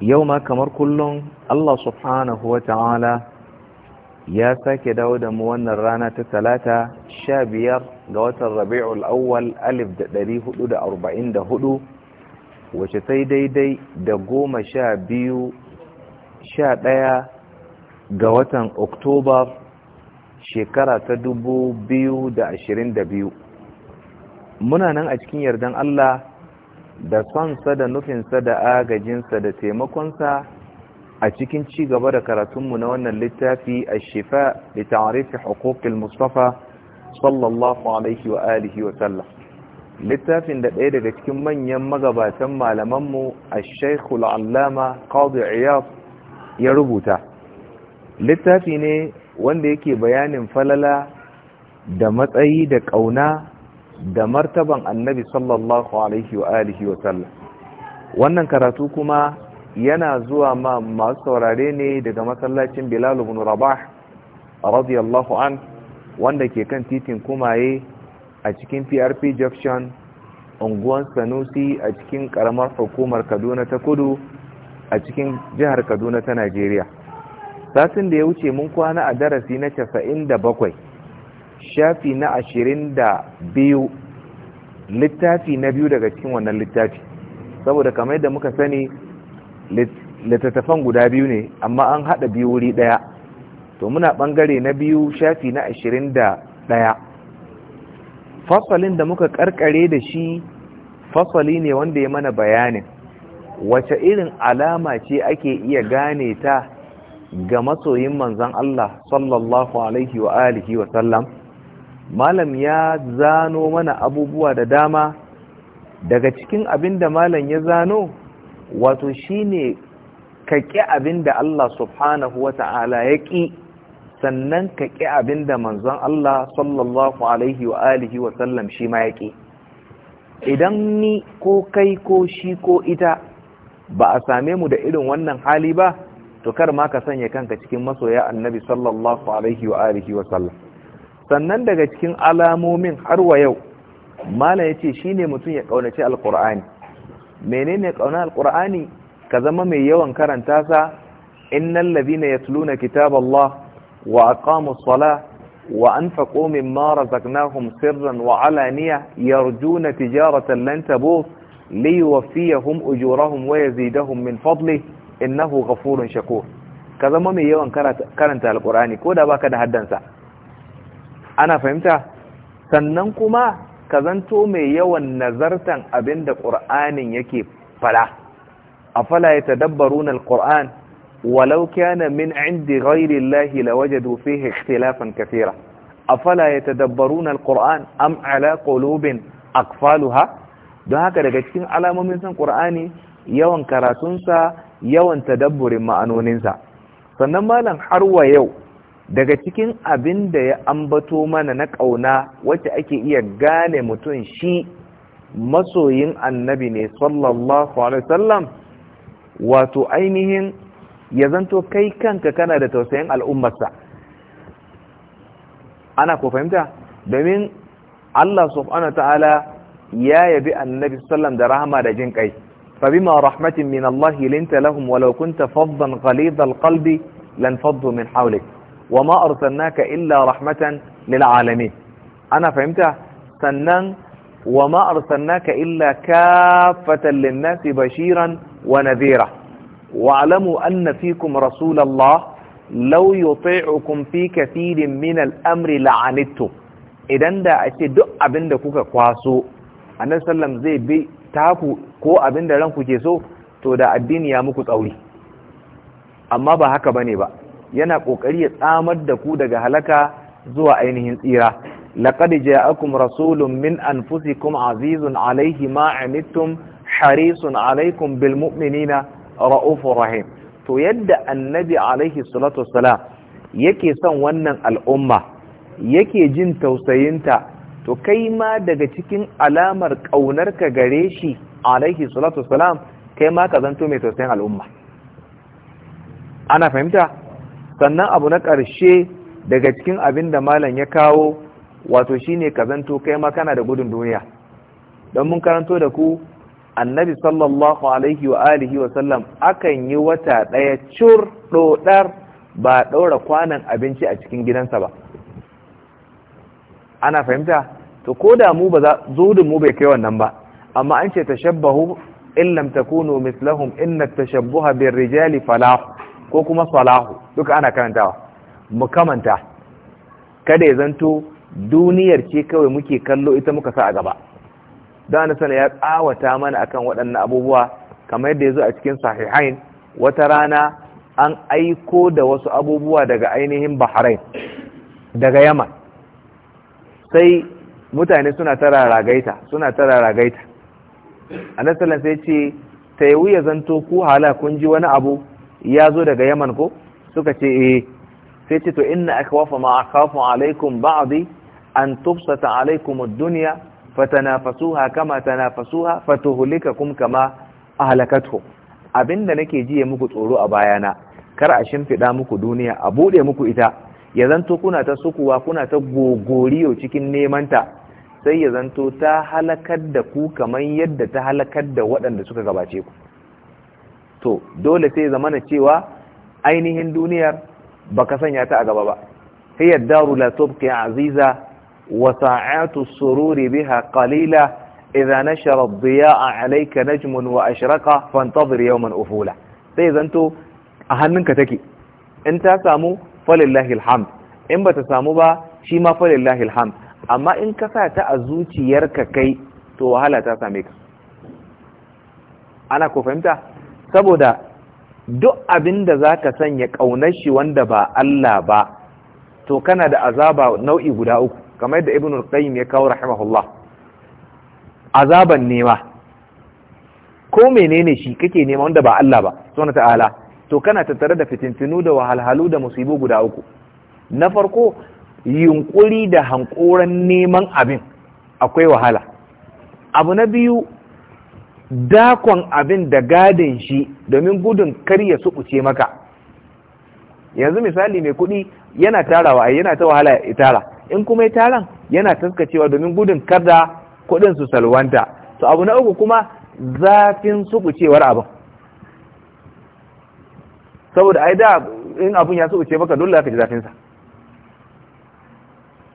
yau ma kamar kullum Allah subhanahu wa ta'ala ya sake dawo da mu wannan rana ta talata sha biyar ga watan rabi'ul awwal alif da ɗari hudu da arba'in da hudu wace sai daidai da goma sha biyu sha ɗaya ga watan oktoba shekara ta dubu biyu da ashirin da biyu muna nan a cikin yardan Allah da sonsa da nufinsa da agajinsa da taimakonsa a cikin ci gaba da karatunmu na wannan littafi a shifa da ta'arifi hukukul mustafa sallallahu alaihi wa alihi wa sallam littafin da ɗaya daga cikin manyan magabatan malamanmu a shaikhul allama qadi iyaf ya rubuta littafi ne wanda yake bayanin falala da matsayi da ƙauna da martaban annabi sallallahu alaihi wa alihi wa sallam wannan karatu kuma yana zuwa ma masu saurare ne daga masallacin bilal ibn rabah radiyallahu an wanda ke kan titin kumaye a cikin PRP junction unguwan Sanusi a cikin karamar hukumar Kaduna ta Kudu a cikin jihar Kaduna ta Najeriya satin da ya wuce mun kwana a darasi na 97 shafi na ashirin da biyu littafi na biyu daga cikin wannan littafi saboda kamar yadda muka sani littattafan guda biyu ne amma an haɗa biyu wuri ɗaya to muna ɓangare na biyu shafi na ashirin da ɗaya fasalin da muka karkare da shi fasali ne wanda ya mana bayanin wace irin alama ce ake iya gane ta ga masoyin manzan Allah sallallahu alaihi wa alihi wa sallam malam ya zano mana abubuwa da dama daga cikin abin da malam ya zano wato shine ka ƙi abin da Allah subhanahu wa ta'ala ya ƙi sannan ka ƙi abin da manzon Allah sallallahu alaihi wa alihi wa sallam shi ma ya ƙi idan ni ko kai ko shi ko ita ba a same mu da irin wannan hali ba to kar ma ka sanya kanka cikin masoya annabi sallallahu alaihi wa alihi wa sallam sannan daga cikin alamomin har wa yau malam ya ce shi ne mutum ya ƙaunaci alƙur'ani menene ƙauna alƙur'ani ka zama mai yawan karanta sa ya ladhina yatluna kitaballah wa aqamus salah wa anfaqu mimma razaqnahum sirran wa alaniya yarjuna tijaratan lan tabur hum, ujurahum wa yazidahum min fadlihi innahu gafurun shakur ka zama mai yawan karanta alƙur'ani ko da baka da haddansa ana fahimta sannan kuma ka zanto mai yawan nazartan abin da ƙur'anin yake fala a fala ya tadabbaru na alƙur'an walau kana min indi ghairi lahi lawajadu fihi ikhtilafan kathira afala yatadabbaruna alquran am ala ƙolobin aqfaluha don haka daga cikin alamomin san ƙur'ani, yawan karatunsa yawan tadabburin ma'anoninsa sannan malam har wa yau daga cikin abin da ya ambato mana na ƙauna wacce ake iya gane mutum shi masoyin annabi ne sallallahu alaihi sallam. wato ainihin ya zanto kai kanka kana da tausayin al'ummarsa ana ko fahimta domin Allah subhanahu ta'ala ya yabi annabi sallam da rahama da jin kai فبما رحمة من الله لنت لهم ولو كنت فظا غليظ القلب لانفضوا من حولك wa ma arsalnaka illa rahmatan lil alamin ana fahimta sannan wa ma arsalnaka illa kaffatan lin bashiran wa nadhira wa alamu rasulallah law yuti'ukum fi kathirin min al-amri la'anittum idan da ake duk abinda kuka kwaso annabi sallam zai bi taku ko abinda da ranku so to da addini ya muku tsauri amma ba haka bane ba yana ƙoƙari ya tsamar da ku daga halaka zuwa ainihin tsira laqad ja'akum rasulun min anfusikum azizun Alayhi ma anittum harisun alaikum bil mu'minina ra'ufur rahim to yadda annabi Alayhi salatu wassalam yake son wannan al'umma yake jin tausayinta to kai ma daga cikin alamar ƙaunarka gare shi alaihi salatu wassalam kai ma ka zanto mai tausayin al'umma ana fahimta sannan abu na ƙarshe daga cikin abin da malam ya kawo wato shine ka zanto kai ma kana da gudun duniya don mun karanto da ku annabi sallallahu alaihi wa alihi wa sallam akan yi wata ɗaya cur ɗoɗar ba ɗaura kwanan abinci a cikin gidansa ba ana fahimta to ko da mu ba za zudun mu bai kai wannan ba amma an ce tashabbahu illam lam takunu mislahum inna tashabbuha bir rijali falah ko kuma salahu duka ana karantawa mu kamanta kada ya zanto duniyar ce kawai muke kallo ita muka sa a gaba don ana sana ya tsawata mana akan waɗannan abubuwa kamar yadda ya zo a cikin sahihain wata rana an aiko da wasu abubuwa daga ainihin bahrain daga yamma sai mutane suna tara ragaita suna tara ragaita a nasarar sai ce ta yi wuya zanto ku hala kun ji wani abu ya zo daga yaman ko suka ce eh sai ce to inna akwafa ma akhafu alaikum ba'di an tubsata alaikum ad-dunya fatanafasuha kama tanafasuha fatuhlikakum kama ahlakathu abinda nake ji ya muku tsoro a bayana kar a shimfida muku duniya a bude muku ita ya zanto kuna ta sukuwa kuna ta gogoriyo cikin nemanta sai ya zanto ta halakar da ku kamar yadda ta halakar da waɗanda suka gabace ku to dole sai zamana cewa ainihin duniyar baka sanya ta a gaba ba hiya daru la tubqi aziza wa sa'atu sururi biha qalila idza nashara ad-diya'a alayka najmun wa ashraqa fantazir yawman ufula sai zanto a hannunka take in ta samu falillahi alhamd in bata samu ba shi ma falillahi alhamd amma in ka sa ta a zuciyarka kai to wahala ta same ka ana ko fahimta saboda duk abin da za ka sanya ƙaunar shi wanda ba Allah ba to kana da azaba nau'i guda uku kamar yadda ibn ya kawo rahimahullah azaban nema ko menene shi kake nema wanda ba Allah ba subhanahu ta'ala to kana tattare da fitintinu da wahalhalu da musibu guda uku na farko yunkuri da hankoran neman abin akwai wahala abu na biyu dakon abin da gadin shi domin gudun kar ya suɓuce maka yanzu misali mai kuɗi yana tarawa ai yana ta wahala ya tara in kuma ya taran yana taskacewa domin gudun kar da kuɗin su salwanta to abu na uku kuma zafin suɓucewar abin saboda ai da in abun ya suɓuce maka dole ka ji zafinsa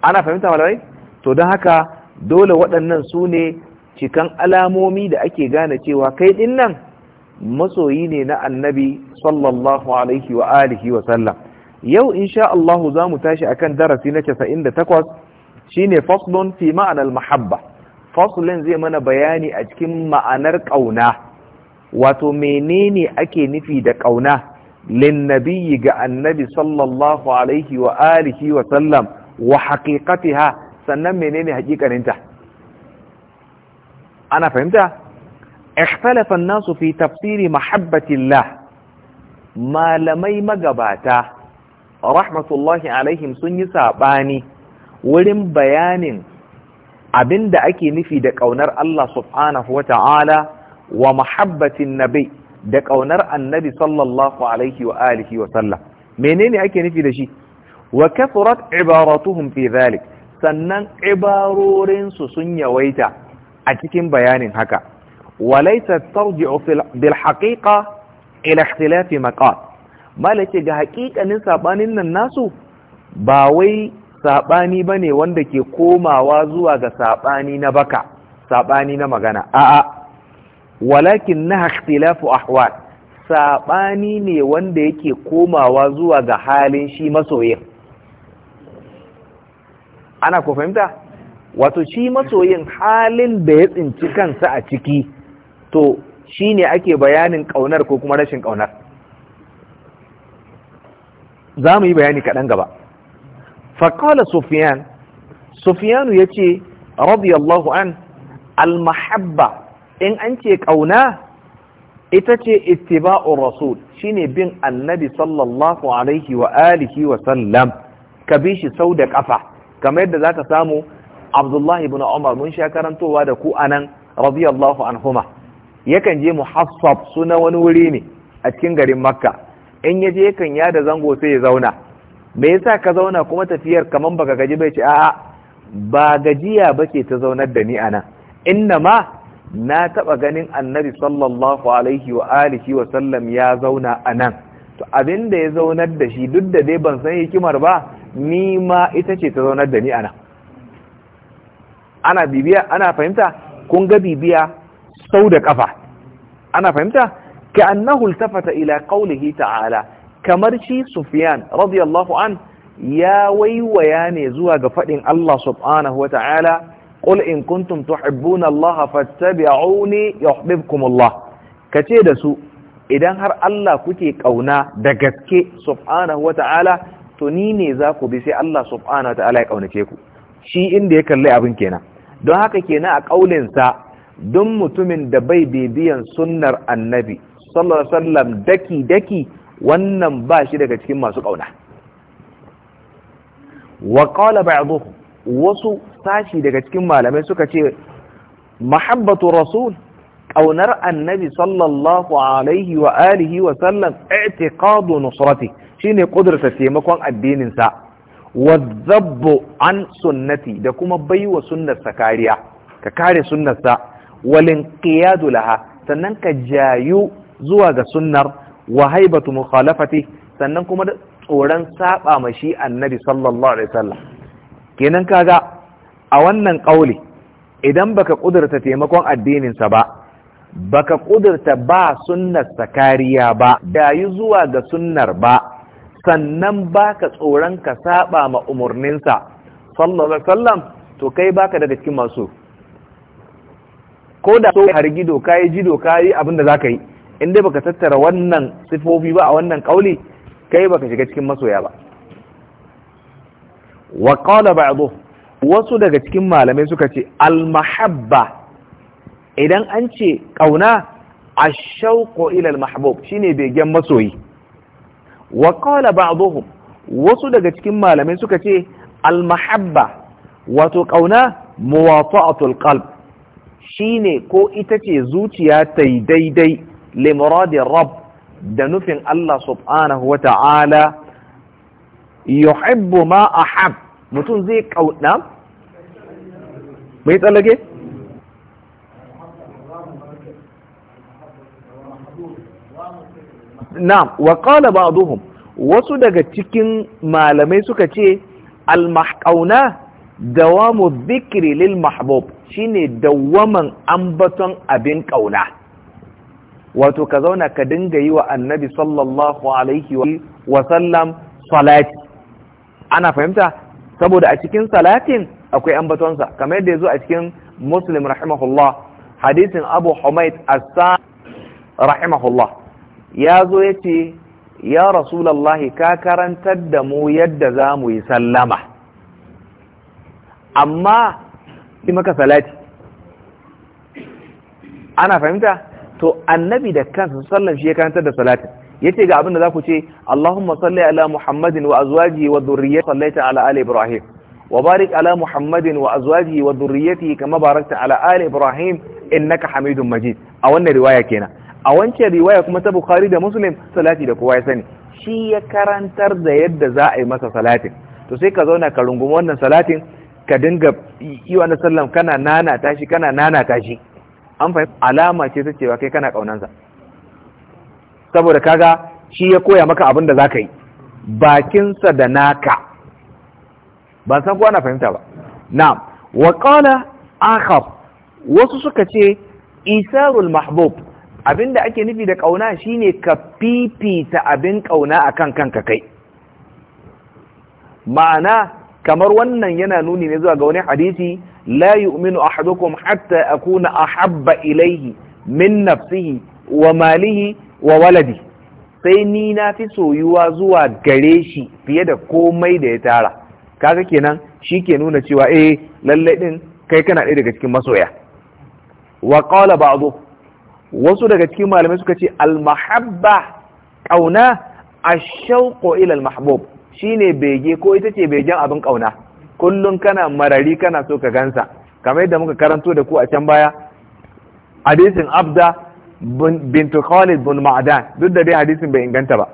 ana fahimta malamai to don haka dole waɗannan su ne cikan alamomi da ake gane cewa kai din nan masoyi ne na annabi sallallahu alaihi wa alihi wa sallam yau insha Allah za mu tashi akan darasi na 98 shine faslun fi ma'anar mahabba faslun zai mana bayani a cikin ma'anar ƙauna wato menene ake nufi da ƙauna lin nabiyyi ga annabi sallallahu alaihi wa alihi wa sallam wa haqiqatiha sannan menene haƙiƙaninta ana fahimta ikhtalafa nasu fi tafsiri mahabbatillah malamai magabata rahmatullahi alaihim sun yi saɓani wurin bayanin abinda ake nufi da ƙaunar Allah subhanahu wa ta'ala wa mahabbatin nabi da ƙaunar annabi sallallahu alaihi wa alihi wa sallam menene ake nufi da shi wa kathurat ibaratuhum fi dhalik sannan ibarorinsu sun yawaita a cikin bayanin haka walaita tarji'u bil haqiqa ila ikhtilafi maqat malake ga haƙiƙanin sabanin nan nasu ba wai sabani bane wanda ke komawa zuwa ga sabani na baka sabani na magana a'a walakin na ikhtilafu ahwal sabani ne wanda yake komawa zuwa ga halin shi masoyin ana ko fahimta wato shi masoyin halin da ya tsinci kansa a ciki to shi ne ake bayanin ƙaunar ko kuma rashin ƙaunar za mu yi bayani kaɗan gaba faƙala sufiyan sufiyanu ya ce radiyallahu an almahabba in an ce ƙauna ita ce ittiba'ur rasul shine bin annabi sallallahu alaihi wa alihi wa sallam ka bi shi sau da ƙafa kamar yadda za ka samu abdullahi ibn umar mun sha karantowa da ku anan radiyallahu anhuma yakan je muhassab suna wani wuri ne a cikin garin makka in ya je yakan da zango sai ya zauna me yasa ka zauna kuma tafiyar kaman baka gaji bai ci a? ba gajiya bace ta zaunar da ni anan inna ma na taba ganin annabi sallallahu alaihi wa alihi wa sallam ya zauna anan to abin da ya zaunar da shi duk da dai ban san hikimar ba ni ma ita ce ta zaunar da ni anan ana bibiya ana fahimta kun ga bibiya sau da kafa ana fahimta ka annahu iltafata ila qawlihi ta'ala kamar shi sufyan radiyallahu an ya waiwaya ne zuwa ga fadin Allah subhanahu wa ta'ala qul in kuntum tuhibbuna Allah fattabi'uni yuhibbukum Allah kace da su idan har Allah kuke kauna da gaske subhanahu wa ta'ala to ni ne za ku bi sai Allah subhanahu wa ta'ala ya kaunace ku shi inda ya kalli abin kenan don haka kenan a ƙaulinsa don mutumin da bai bibiyan sunnar annabi sallallahu alaihi daki daki wannan ba shi daga cikin masu ƙauna wa qala wasu sashi daga cikin malamai suka ce mahabbatu rasul ƙaunar annabi sallallahu alaihi wa alihi wa sallam i'tiqadu nusrati shine kudurta taimakon addininsa wadzabbu an sunnati da kuma baiwa sunnarsa kariya ka kare sunnarsa walin qiyadu laha sannan ka jayu zuwa ga sunnar wa haibatu mukhalafati sannan kuma tsoron saba ma shi annabi sallallahu alaihi wasallam kenan kaga a wannan kauli idan baka kudurta taimakon addininsa ba baka kudurta ba sunnarsa kariya ba yi zuwa ga sunnar ba sannan baka tsoron ka saba ma umarninsa sallallahu alaihi wasallam to kai baka daga cikin masu ko da so hargi doka yi ji doka yi abinda za ka yi inda dai baka tattara wannan sifofi ba a wannan kauli kai baka shiga cikin masoya ba wa qala ba'dhu wasu daga cikin malamai suka ce al-mahabba idan an ce ƙauna ash-shauqu ila al-mahbub shine begen masoyi wa qala ba'dhum wasu daga cikin malamai suka ce al mahabba wato kauna muwafa'atul qalb shine ko ita ce zuciya ta daidai li muradi rabb da nufin Allah subhanahu wa ta'ala yuhibbu ma ahab mutum zai kauna mai tsallage na'am wa qala ba'dhum wasu daga cikin malamai suka ce al-mahqauna dawamu dhikri lil mahbub shine dawaman ambaton abin kauna wato ka zauna ka dinga yi wa annabi sallallahu alaihi wa sallam salati ana fahimta saboda a cikin salatin akwai ambatonsa kamar yadda yazo a cikin muslim rahimahullah hadisin abu humayd as rahimahullah ya zo ya ce ya rasulallahi ka karantar da mu yadda za mu yi sallama amma yi maka salati ana fahimta to annabi da kansa sallan shi ya karantar da salati ya ce ga abinda za ku ce Allahumma salli ala Muhammadin wa azwajihi wa dhurriyyatihi sallaita ala ali Ibrahim wa barik ala Muhammadin wa azwajihi wa dhurriyyatihi kama barakta ala ali Ibrahim innaka Hamidum Majid a wannan riwaya kenan a wancan riwaya kuma ta bukhari da muslim salati da kowa ya sani shi ya karantar da yadda za a yi masa salatin to sai ka zauna ka rungumi wannan salatin ka dinga yi wa sallam kana nana tashi kana nana tashi an fahim alama ce ta cewa kai kana kaunansa saboda kaga shi ya koya maka abin da za ka yi bakinsa da naka ban san kowa na fahimta ba na'am wa qala akhar wasu suka ce isarul mahbub Abin da ake nufi da ƙauna shine ka fifita abin ƙauna akan kanka kai ma'ana kamar wannan yana nuni ne zuwa ga wani hadisi la yu'minu ahadukum hatta akuna ahabba ilaihi min nafsihi wa malihi wa waladi sai ni na fi soyuwa zuwa gare shi fiye da komai da ya tara kaga kenan shi ke nuna cewa eh lallai ɗin kai kana ɗaya daga cikin masoya wa qala ba'dhu wasu daga cikin malamai suka ce almahabba ƙauna a shauƙo ilal mahbub shine bege ko ita ce begen abin ƙauna kullum kana marari kana so ka gansa kamar yadda muka karanto da ku a can baya hadisin abda bintu khalid bin ma'adan duk da dai hadisin bai inganta ba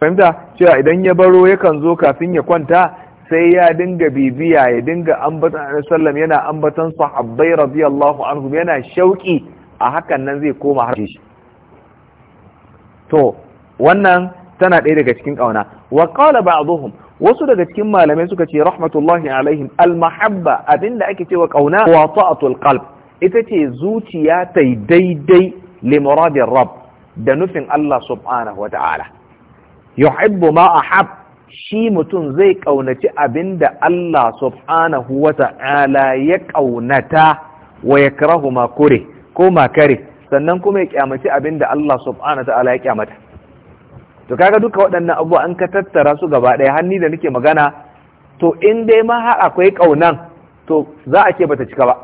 fahimta cewa idan ya baro yakan zo kafin ya kwanta sai ya dinga bibiya ya dinga ambatan sallam yana ambatan sahabbai radiyallahu anhu yana shauki a hakan nan zai koma har shi to wannan tana ɗaya daga cikin ƙauna wa qala ba'dhum wasu daga cikin malamai suka ce rahmatullahi alaihim mahabba abinda ake cewa ƙauna wa ta'atul qalb ita ce zuciya ta daidai li muradin rabb da nufin Allah subhanahu wata'ala yuhibbu ma ahab shi mutum zai ƙaunaci abinda Allah subhanahu wata'ala ya ƙaunata wa yakrahu ma kure ko makare sannan kuma ya kyamaci abin da Allah subhanahu ta'ala ya kyamata to kaga duka waɗannan abubuwa an ka tattara su gaba ɗaya hanni da nake magana to in dai ma har akwai ƙaunan to za a ce bata cika ba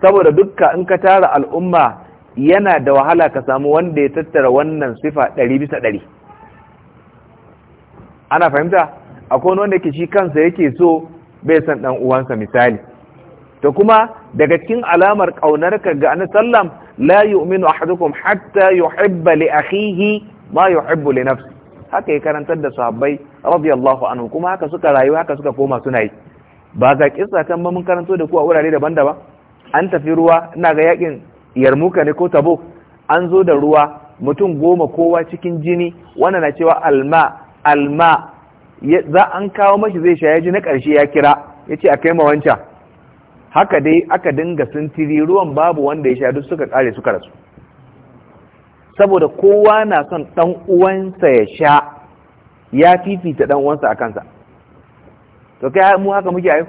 saboda duka in ka tara al'umma yana da wahala ka samu wanda ya tattara wannan sifa ɗari bisa ɗari ana fahimta akwai wanda ke shi kansa yake so bai san ɗan uwansa misali to kuma daga cikin alamar ƙaunarka ga annabi sallam la yu'minu ahadukum hatta yuhibba li akhihi ma yuhibbu li nafsi haka ya karantar da sahabbai radiyallahu anhu kuma haka suka rayu haka suka koma suna yi ba ga kissa kan ba mun karanto da ku a wurare daban-daban an tafi ruwa ina ga yakin yarmuka ne ko tabo an zo da ruwa mutum goma kowa cikin jini wannan na cewa alma alma za an kawo mashi zai sha ya ji na ƙarshe ya kira ya ce a kai ma wancan haka dai aka dinga sintiri ruwan babu wanda ya sha duk suka kare suka rasu saboda kowa na son dan uwansa ya sha ya fifita dan uwansa a kansa to kai mu haka muke ayo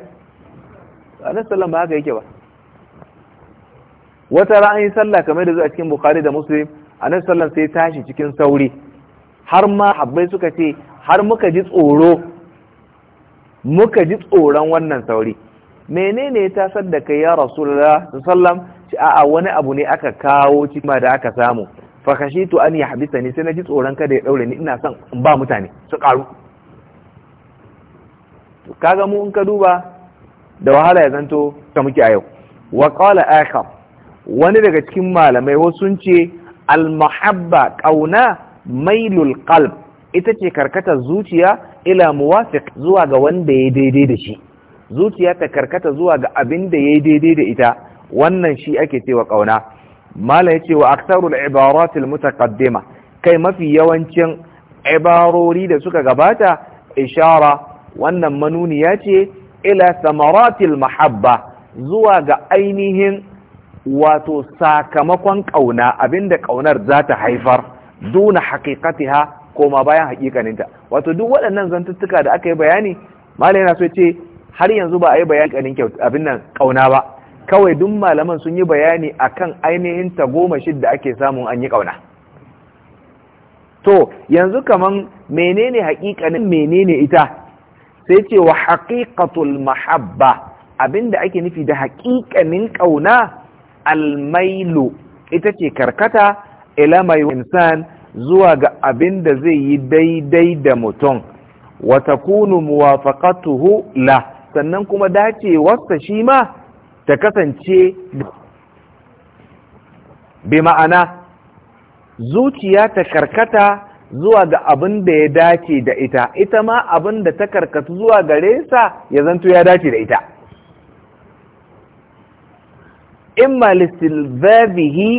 Allah sallan ba haka yake ba wata ra'ayin sallah kamar da zuwa cikin bukhari da muslim anan sallan sai tashi cikin sauri har ma habbai suka ce har muka ji tsoro muka ji tsoron wannan sauri menene ya tasar da kai ya rasulullah sallam ci a'a wani abu ne aka kawo ma da aka samu fa khashitu an yahbisa ni sai naji tsoron kada ya daure ni ina son in ba mutane su karu kaga mu in ka duba da wahala ya zanto ta muke a yau wa qala akhar wani daga cikin malamai wasu sun ce al mahabba qauna mailul qalb ita ce karkatar zuciya ila muwafiq zuwa ga wanda ya daidai da shi zuciya ta karkata zuwa ga abin da yi daidai da ita wannan shi ake cewa kauna mala ce wa aksarul ibarat al mutaqaddima kai mafi yawancin ibarori da suka gabata ishara wannan manuniya ce ila samaratil mahabba zuwa ga ainihin wato sakamakon kauna abinda ƙaunar za ta haifar duna ha koma bayan haƙiƙaninta wato duk waɗannan zantuttuka da aka yi bayani mala yana so ce har yanzu ba a yi bayani kanin abin nan ƙauna ba kawai duk malaman sun yi bayani a kan ainihin tagomashin da ake samun an yi ƙauna. to yanzu kamar menene haƙiƙanin menene ita sai ce wa haƙiƙatul mahabba da ake nufi da haƙiƙanin ƙauna almailu ita ce karkata ila insan zuwa ga abin da zai yi daidai da mutum wata kunu muwafaƙatuhu la sannan kuma dacewarsa shi ma ta kasance bi ma'ana zuciya ta karkata zuwa ga abin da ya dace da ita ita ma abin da ta karkatu zuwa gare sa ya zanto ya dace da ita imma listilzazihi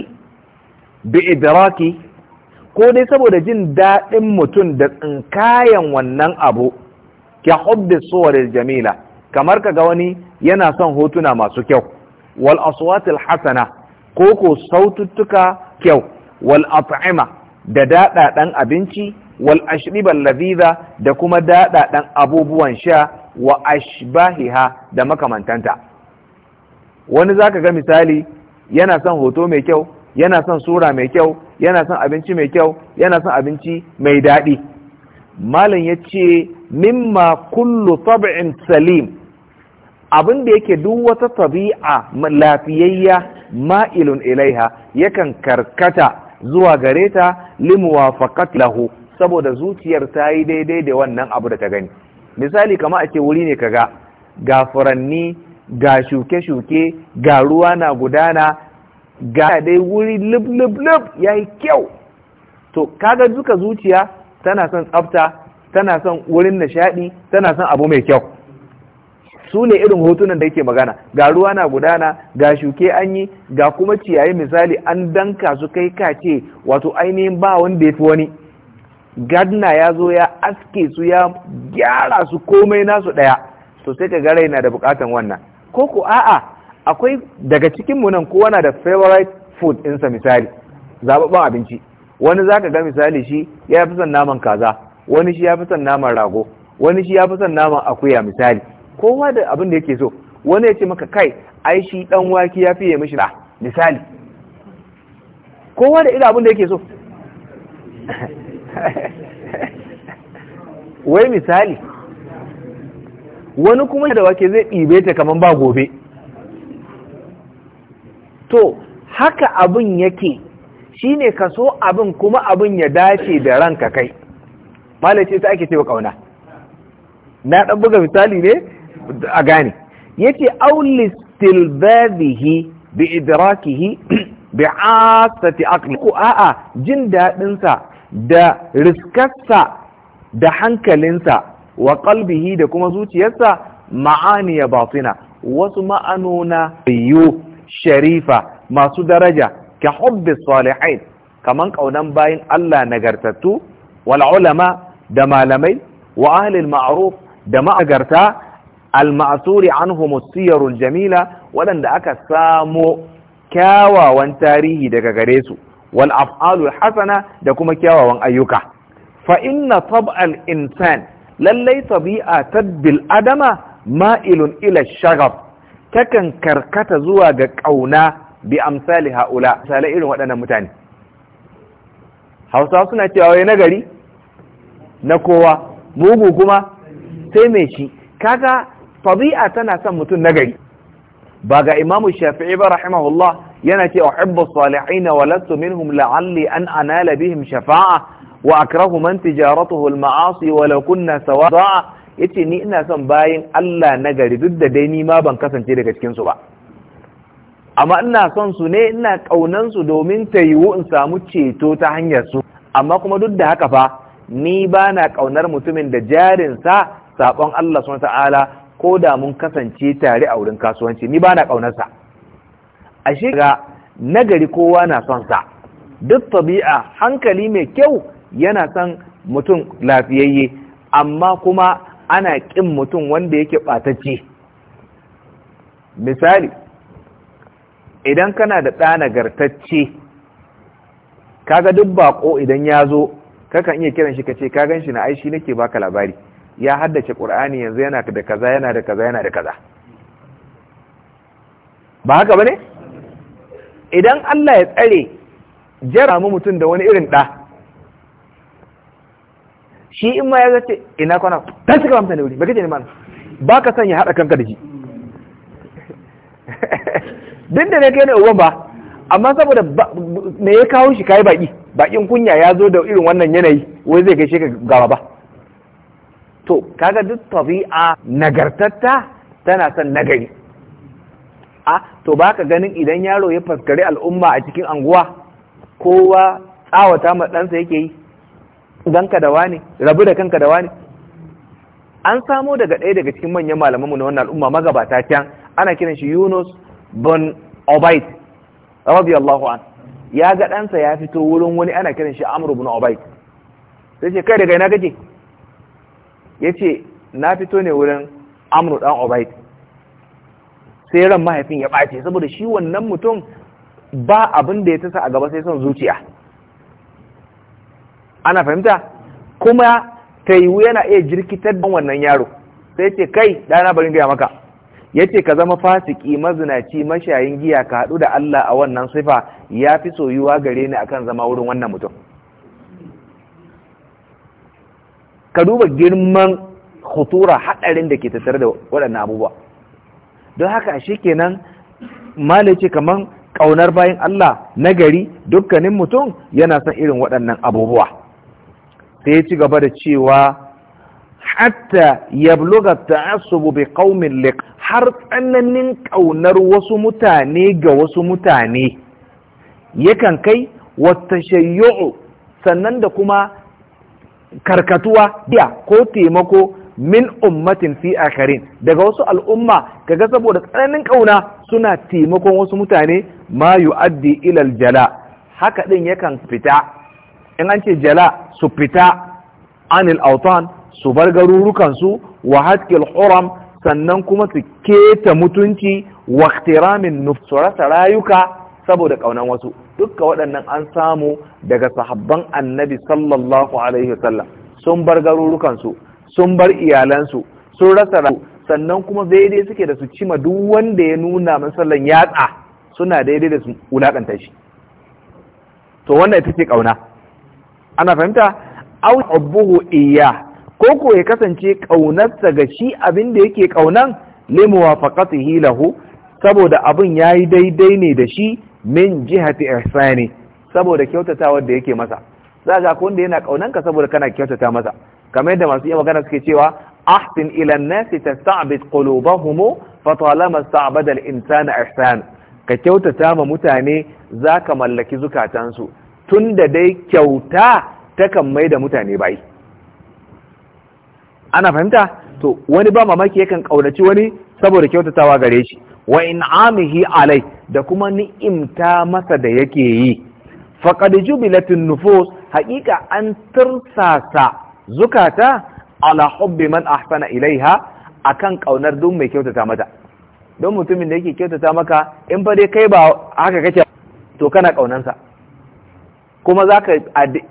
bi idraki ko dai saboda jin daɗin mutum da tsinkayen wannan abu ka hubbi tsohon jamila kamar ka ga wani yana son hotuna masu kyau wal aswatil hasana ko ko saututtuka kyau wal at'ima da daɗaɗan abinci wal ashriban ladhiza da kuma daɗaɗan abubuwan sha wa ashbahiha da makamantanta wani zaka ga misali yana son hoto mai kyau yana son sura mai kyau yana son abinci mai kyau yana son abinci mai daɗi malam yace ce mimma kullu tab'in salim abin da yake duk wata tabi'a lafiyayya ma'ilun ilaiha yakan karkata zuwa gare ta limuwafaqat lahu saboda zuciyar ta yi daidai da wannan abu da ta gani misali kama ake wuri ne kaga ga furanni ga shuke-shuke ga ruwa na gudana ga dai wuri lub-lub-lub ya yi kyau to kaga duka zuciya tana son tsafta tana son wurin nishaɗi tana son abu mai kyau su ne irin hotunan da yake magana ga ruwa na gudana ga shuke an yi ga kuma ciyayi misali an danka su kai kace wato ainihin ba wanda ya fi wani gadna ya zo ya aske su ya gyara su komai nasu ɗaya to sai ka gara raina da bukatan wannan ko ko a'a akwai daga cikin mu nan kowa na da favorite food insa, misali zababban abinci wani zaka ga misali shi ya fi son naman kaza wani shi ya fi son naman rago wani shi ya fi son naman akuya misali kowa da abin da yake so wani ya ce maka kai ai shi dan waki ya fiye mishi da misali kowa da ila abin da yake so wai misali wani kuma da wake zai ɗibe ta kaman ba gobe to haka abin yake shine ka so abin kuma abin ya dace da ranka kai malace ta ake ce wa kauna na ɗan buga misali ne a gane yace aulis tilbabihi bi idrakihi bi asati aqli ko a'a jin daɗinsa da riskarsa da hankalinsa wa qalbihi da kuma zuciyarsa ma'aniya ya batina wasu ma'anona biyu sharifa masu daraja ka hubbi salihain kaman kaunan bayan Allah nagartattu wal ulama da malamai wa ahlil ma'ruf da ma'agarta al an anhum as jamila waɗanda aka samo kyawawan tarihi daga gare su wal af'alul hasana da kuma kyawawan ayyuka fa inna tab'al insan lallai tabi'a tabbil adama ma'ilun ila shagaf takan karkata zuwa ga kauna bi amsali haula misalai irin waɗannan mutane hausawa suna cewa wai nagari na kowa mugu kuma sai mai shi kaga tabi'a tana son mutum nagari ba ga imamu shafi'i ba rahimahullah yana ce uhibbu salihina wa lastu minhum la'alli an anala bihim shafa'a wa akrahu man tijaratuhu al-ma'asi wa law kunna sawa'a yace ni ina son bayin Allah nagari duk da dai ni ma ban kasance daga cikin su ba amma ina son su ne ina kaunan su domin ta yiwu in samu ceto ta hanyar su amma kuma duk da haka fa ni ba na kaunar mutumin da jarinsa sabon Allah subhanahu wa ta'ala ko da mun kasance tare a wurin kasuwanci ni ba na ƙaunarsa A shiga nagari kowa na son sa duk tabi'a hankali mai kyau yana son mutum lafiyayye amma kuma ana ƙin mutum wanda yake ɓatacce misali idan kana da ɗa nagartacce kaga duk baƙo idan ya zo kakan iya kiran shi ka ce ka gan shi na aishi nake baka labari ya haddace qur'ani yanzu yana da kaza yana da kaza yana da kaza ba haka bane idan Allah ya tsare jira mu mutum da wani irin da shi in ma ya zace ina kwana dan suka mamta ne wuri ba je ne mana baka ka ya hada kanka da shi duk da ne kai ne uban ba amma saboda me ya kawo shi kai baki bakin kunya ya zo da irin wannan yanayi wai zai kai shi ga gaba ba to kaga duk tabi'a nagartatta tana son nagari a to baka ganin idan yaro ya faskari al'umma a cikin anguwa kowa tsawata ma ɗansa yake yi dan ka da ne rabu da kanka dawa ne an samo daga ɗaya daga cikin manyan malamanmu na wannan al'umma magabata can ana kiran shi Yunus bin Ubayd radiyallahu an ya ga ɗansa ya fito wurin wani ana kiran shi Amr bin Ubayd sai ce kai daga ina ya ce na fito ne wurin amuru dan obaid sai ran mahaifin ya ɓace saboda shi wannan mutum ba abin da ya tasa a gaba sai son zuciya ana fahimta kuma ta yana iya jirkitar da wannan yaro sai ce kai dana barin gaya maka ya ce ka zama fasiki mazinaci mashayin giya ka haɗu da Allah a wannan sifa ya fi soyuwa gare ni akan zama wurin wannan mutum ka duba girman hutura haɗarin da ke tattare da waɗannan abubuwa don haka shi kenan malice kamar ƙaunar bayan Allah nagari dukkanin mutum yana son irin waɗannan abubuwa sai ya ci gaba da cewa hatta yabluga ta'assubu bi qaumin liq har tsananin ƙaunar wasu mutane ga wasu mutane yakan kai wata sannan da kuma karkatuwa biya ko taimako min ummatin fi akharin daga wasu al'umma kaga saboda tsananin kauna suna taimakon wasu mutane ma yu'addi ilal jala haka din yakan fita in an ce jala su fita anil autan su bar garurukan su wa haskil huram sannan kuma su keta mutunci wa ihtiramin nufsurata rayuka saboda kaunan wasu dukka waɗannan an samu daga sahabban annabi sallallahu alaihi wasallam sun bar garurukansu sun bar iyalansu sun rasa sannan kuma daidai suke da su cima duk wanda ya nuna masallan yatsa suna daidai da su wulakanta shi to wannan ita ce kauna ana fahimta au abuhu iya ko ko ya kasance kaunarsa ga shi abin da yake kaunan limuwafaqatihi lahu saboda abin yayi daidai ne da shi min jihati ihsani saboda kyautatawa da yake masa za ga ko wanda yana kaunanka saboda kana kyautata masa kamar yadda masu iya magana suke cewa ahsin ila an nasi tasta'bid qulubahum fa talama sta'bada al-insana ihsan ka kyautata ma mutane zaka mallaki zukatansu tunda dai kyauta takan mai da mutane bai ana fahimta to wani ba mamaki yakan kaunaci wani saboda kyautatawa gare shi wa amihi alai da kuma ni'imta masa da yake yi faqad jubilatin nufus haƙiƙa an tursasa zukata ala hubbi man ahsana ilaiha akan ƙaunar duk mai kyautata mata don mutumin da yake kyautata maka in fa dai kai ba haka kake to kana ƙaunansa kuma za ka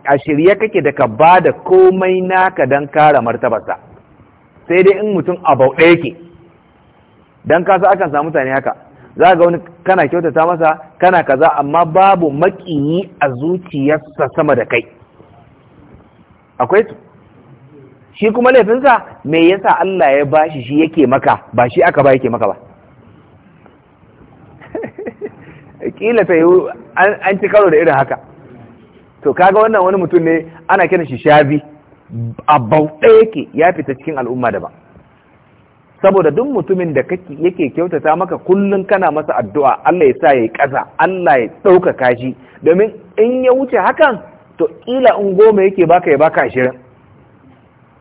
a shirye kake da ka ba da komai naka don kara martabarsa sai dai in mutum abau bauɗe yake dan kasa akan samu mutane haka za ga wani kana kyautata masa kana kaza amma babu makiyi a zuciyarsa sama da kai akwai su shi kuma laifinsa me yasa Allah ya bashi shi yake maka ba shi aka ba yake maka ba kila ta an ci karo da irin haka to kaga wannan wani mutum ne ana kiran shi shabi a bauta yake ya fita cikin al'umma da ba saboda duk mutumin da yake kyautata maka kullum kana masa addu'a Allah ya sa ya yi ƙasa Allah ya ɗaukaka shi domin in ya wuce hakan to ƙila in goma yake baka ya baka ashirin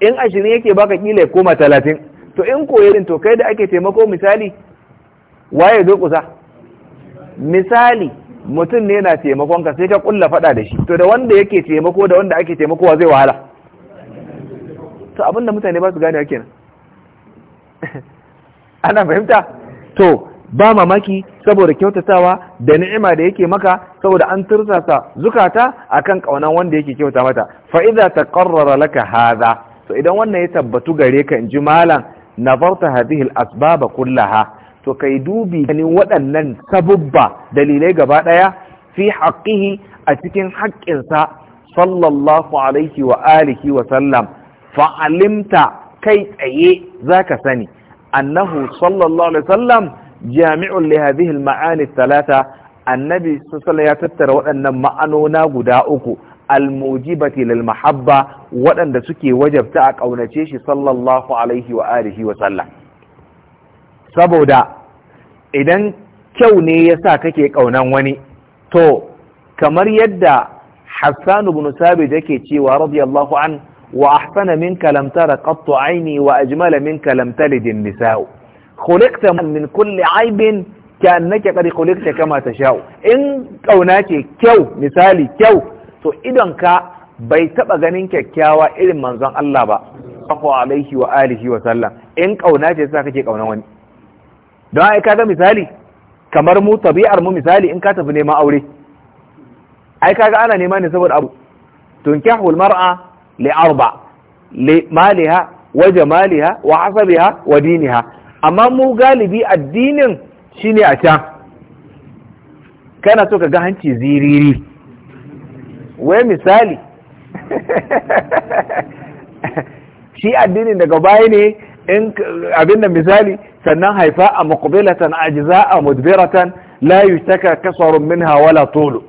in ashirin yake baka ƙila ya koma talatin to in koyarin to kai da ake taimako misali waye zo kusa misali mutum ne na taimakonka sai ka kulla faɗa da shi to da wanda yake taimako da wanda ake taimakowa zai wahala to abinda mutane ba su gane kenan ana fahimta to ba mamaki saboda kyautatawa da ni'ima da yake maka saboda an tursasa zukata akan kaunan wanda yake kyauta mata fa idza taqarrara laka hadha to idan wannan ya tabbatu gare ka ji malam nazarta hadhihi al-asbab kullaha to kai dubi ganin waɗannan sabubba dalilai gaba daya fi haqqihi a cikin haƙƙinsa sallallahu alaihi wa alihi wa sallam fa'alimta kai tsaye zaka sani annahu sallallahu alaihi wasallam jami'un li hadhihi al-ma'ani thalatha annabi sallallahu ya tattara waɗannan ma'anona guda uku al-mujibati lil mahabba waɗanda suke wajabta a kaunace shi sallallahu alaihi wa alihi wa sallam saboda idan kyau ne yasa kake kaunan wani to kamar yadda Hassan ibn Sabit yake cewa radiyallahu an وأحسن منك لم تر قط عيني وأجمل منك لم تلد النساء خلقت من كل عيب كأنك قد خلقت كما تشاء إن كونك كيو مثالي كيو تو إذن كا Allah ba كيوا alaihi wa alihi wa sallam in kauna ce sai kake kauna wani don ai kaga misali kamar mu tabi'ar mu misali in ka tafi neman aure ai kaga ana nema ne saboda abu tunkihul mar'a li'arba limaliha wa jamaliha wa hasabiha wa diniha amma mu galibi addinin shine a can kana so ka ga hanci ziriri wai misali shi addinin daga baya ne in abin misali sannan haifa a makubilatan ajiza a mudbiratan layu yutaka kasarun minha wala tulu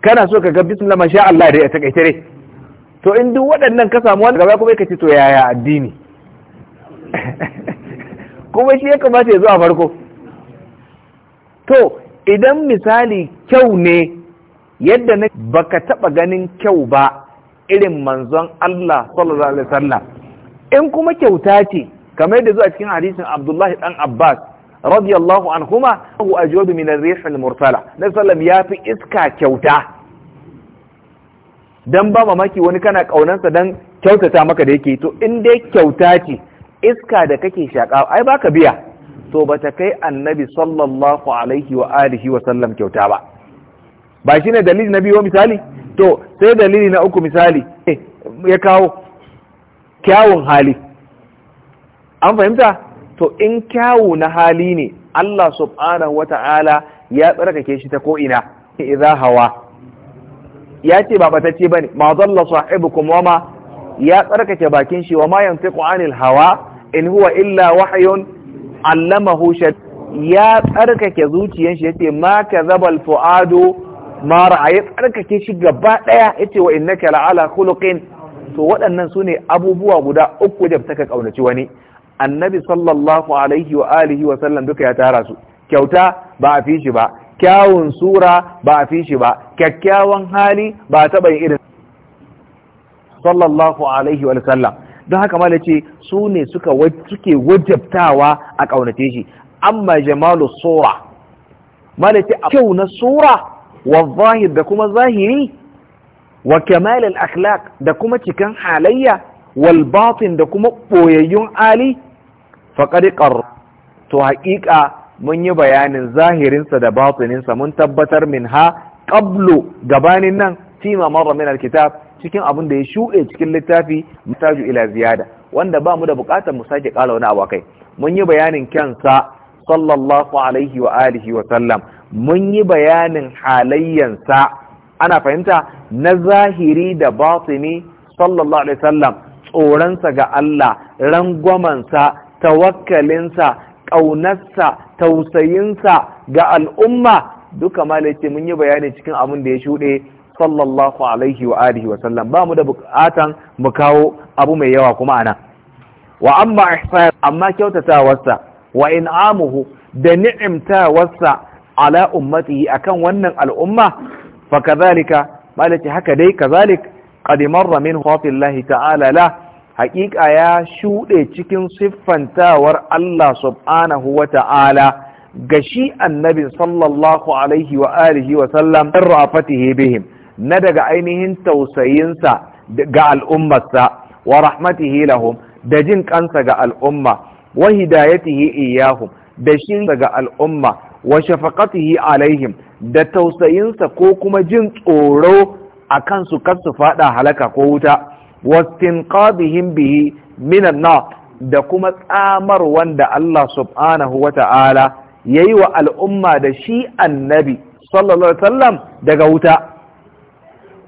kana so ka ga bismillah masha Allah da ya takaice to in duk waɗannan ka samu wani gaba kuma ce to yaya addini kuma shi ya kamata ya zo a farko to idan misali kyau ne yadda na baka taɓa ganin kyau ba irin manzon Allah sallallahu alaihi wasallam in kuma kyauta ce kamar da zuwa cikin hadisin Abdullahi dan Abbas radiyallahu anhuma hu ajwabu min ar-rih al-mursala nabi sallam ya fi iska kyauta dan ba mamaki wani kana kaunansa don kyautata maka da yake to in dai kyauta ce iska da kake shaka ai baka biya to ba ta kai annabi sallallahu alaihi wa alihi wa sallam kyauta ba ba shi ne dalili na biyu misali to sai dalili na uku misali eh, ya kawo kyawun hali an fahimta to in kyawu na hali ne Allah subhanahu wa ta'ala ya tsarkake shi ta ko'ina idza hawa ya ce ba batacce bane ma dalla sahibukum wa ma ya tsarkake bakin shi wa ma yantiqu anil hawa in huwa illa wahyun allamahu ya tsarkake zuciyan shi yace ma zabal fuadu ma ra'ayi tsarkake shi gaba daya yace wa innaka la'ala khuluqin to waɗannan sune abubuwa guda uku da ka ƙaunaci wani annabi sallallahu alaihi wa alihi wa sallam duka ya tara su kyauta ba a fi shi ba kyawun sura ba a fi shi ba kyakkyawan hali ba taɓa irin sallallahu alaihi wa sallam don haka mala ce su ne suka suke wajabtawa a ƙaunace shi amma jamalu sura mala ce kyau na sura wa zahir da kuma zahiri wa kamal al akhlaq da kuma cikan halayya wal batin da kuma boyayyun ali faqad qar to haƙiƙa mun yi bayanin zahirinsa da batininsa mun tabbatar min ha qablu gabanin nan fima marra min alkitab cikin abin da ya shuɗe cikin littafi mutaju ila ziyada wanda ba mu da buƙatar mu sake ƙala wani abu kai mun yi bayanin kyansa sallallahu alaihi wa alihi wa sallam mun yi bayanin halayyansa ana fahimta na zahiri da batini sallallahu alaihi sallam tsoronsa ga Allah rangwamansa tawakkalinsa ƙaunarsa tausayinsa ga al'umma duka malai mun yi bayani cikin abin da ya shuɗe sallallahu alaihi wa alihi wa sallam ba mu da bukatan mu kawo abu mai yawa kuma ana wa amma ihsan amma kyautatawarsa wa in'amuhu da ni'imtawarsa ala ummatihi akan wannan al'umma fa kazalika malai haka dai kazalik qad marra min ta'ala la haƙiƙa ya shuɗe cikin siffantawar Allah subhanahu wa ta'ala ga shi annabi sallallahu alaihi wa alihi wa sallam ɗan rafatihi bihim na daga ainihin tausayinsa ga al'ummarsa wa rahmatihi lahum da jin kansa ga al'umma wa hidayatihi iyahum da shi ga al'umma wa shafaqatihi alaihim da tausayinsa ko kuma jin tsoro a kansu kar su faɗa halaka ko wuta wastinqadihim bihi minan nar da kuma tsamar wanda Allah subhanahu wata'ala yayi wa al'umma da shi annabi sallallahu alaihi wasallam daga wuta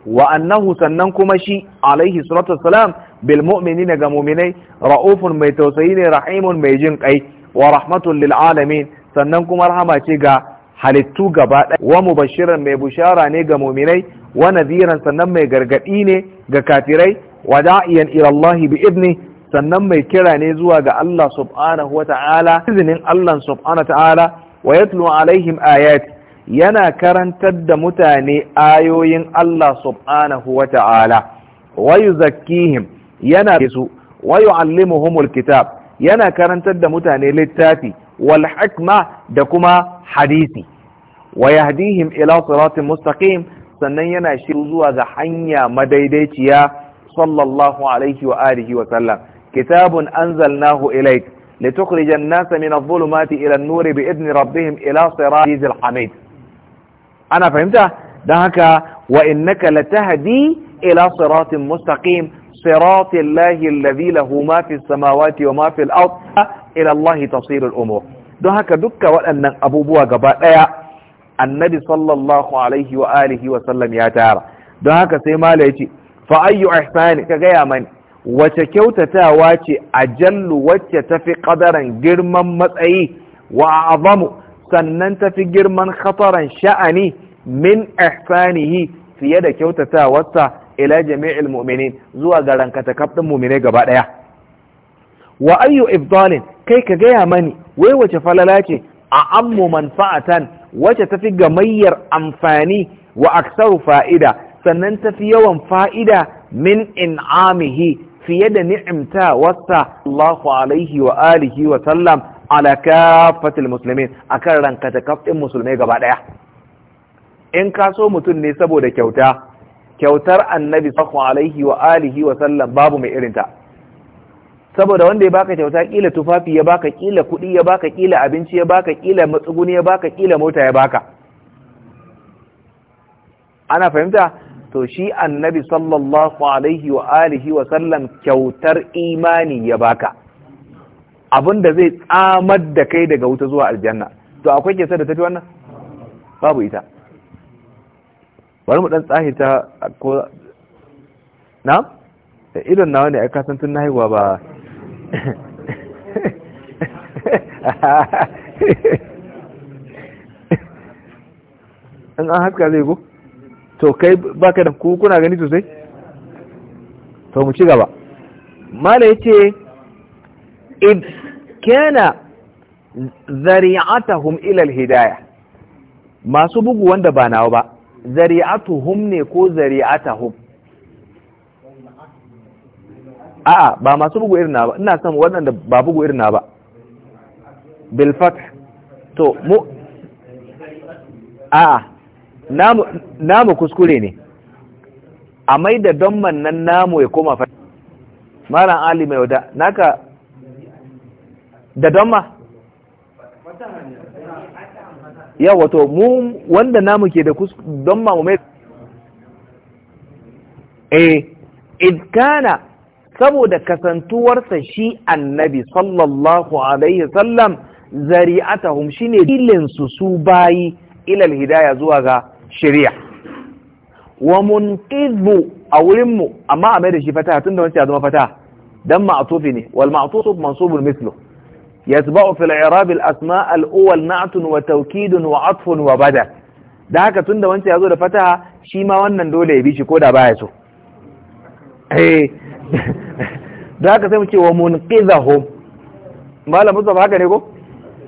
wa annahu sannan kuma shi alaihi salatu wassalam bil mu'minina ga mu'minai ra'ufun mai tausayi ne rahimun mai jin kai wa rahmatun lil alamin sannan kuma rahama ce ga halittu gaba ɗaya wa mubashiran mai bushara ne ga mu'minai wa nadhiran sannan mai gargadi ne ga kafirai wada'iyan ila Allah bi idni sannan mai kira ne zuwa ga Allah subhanahu wa ta'ala izinin Allah subhanahu wa ta'ala wa yatlu alaihim ayat yana karantar da mutane ayoyin Allah subhanahu wa ta'ala Wayu zakihim, yana su wa yu'allimuhumul kitab yana karantar da mutane littafi wal hikma da kuma hadisi wa yahdihim ila siratin mustaqim sannan yana shi zuwa ga hanya madaidaiciya صلى الله عليه وآله وسلم كتاب أنزلناه إليك لتخرج الناس من الظلمات إلى النور بإذن ربهم إلى صراط الحميد أنا فهمتها دهك وإنك لتهدي إلى صراط مستقيم صراط الله الذي له ما في السماوات وما في الأرض إلى الله تصير الأمور دهك دك وأن أبو بوا قبائع النبي صلى الله عليه وآله وسلم يا تارى دهك سيما ليتي fa ayyu ihsani ka gaya mani wace kyautatawa ce jallu wacce tafi ƙadaran girman matsayi wa azamu sannan tafi girman khataran sha'ani min ihsanihi fiye da kyautatawarsa ila jami'il mu'minin zuwa ga rankata kafin gaba daya wa ayyu ifdalin kai ka gaya mani wai wace falala ce a ammu manfa'atan wace tafi gamayyar amfani wa aksaru fa'ida sannan tafi yawan fa'ida min in amihi fiye da ni'imta wasa Allahu alaihi wa alihi wa sallam ala kafatil musulmin akan rankata kafin musulmai gaba ɗaya. in ka so mutum ne saboda kyauta kyautar annabi sallallahu alaihi wa alihi wa sallam babu mai irinta saboda wanda ya baka kyauta kila tufafi ya baka kila kuɗi ya baka kila abinci ya baka kila matsuguni ya baka kila mota ya baka ana fahimta to shi annabi sallallahu alaihi wa alihi wa sallam kyautar imani ya baka abinda da zai tsamar da kai daga wuta zuwa aljanna to akwai kisa da tafi wannan babu ita bari mu dan tsahi ta ko na Idan nawa ne ai kasan tun na haihuwa ba in an haska zai go to kai baka da ku kuna gani sosai to mu ci gaba mala yace id kana zari'atuhum ila alhidayah masu bugu wanda ba nawa ba zari'atuhum ne ko zari'atuhum a'a ba masu bugu irin na ba ina son waɗanda ba bugu irin na ba bil fath to mu a'a namu kuskure ne a mai da don mannan namu ya koma fata Mara ali mai wada naka da don ma ya wato mu wanda namu ke da don ma mu mai e eh, idkana saboda kasantuwarsa shi annabi sallallahu alaihi sallam zari'atahum shine dilinsu su bayi ilal hidaya zuwa ga shari'a wa munqidhu a wurin mu amma a mai da shi fataha tunda wancan ya zama fataha dan ma'tufi ne wal ma'tufu mansubun mislu yatba'u fil i'rab al asma' al awwal na'tun wa tawkidun wa 'atfun wa badal da haka tunda wancan ya zo da fataha shi ma wannan dole ya bi shi koda baya so eh da haka sai mu ce wa munqidhahum malam Mustafa haka ne ko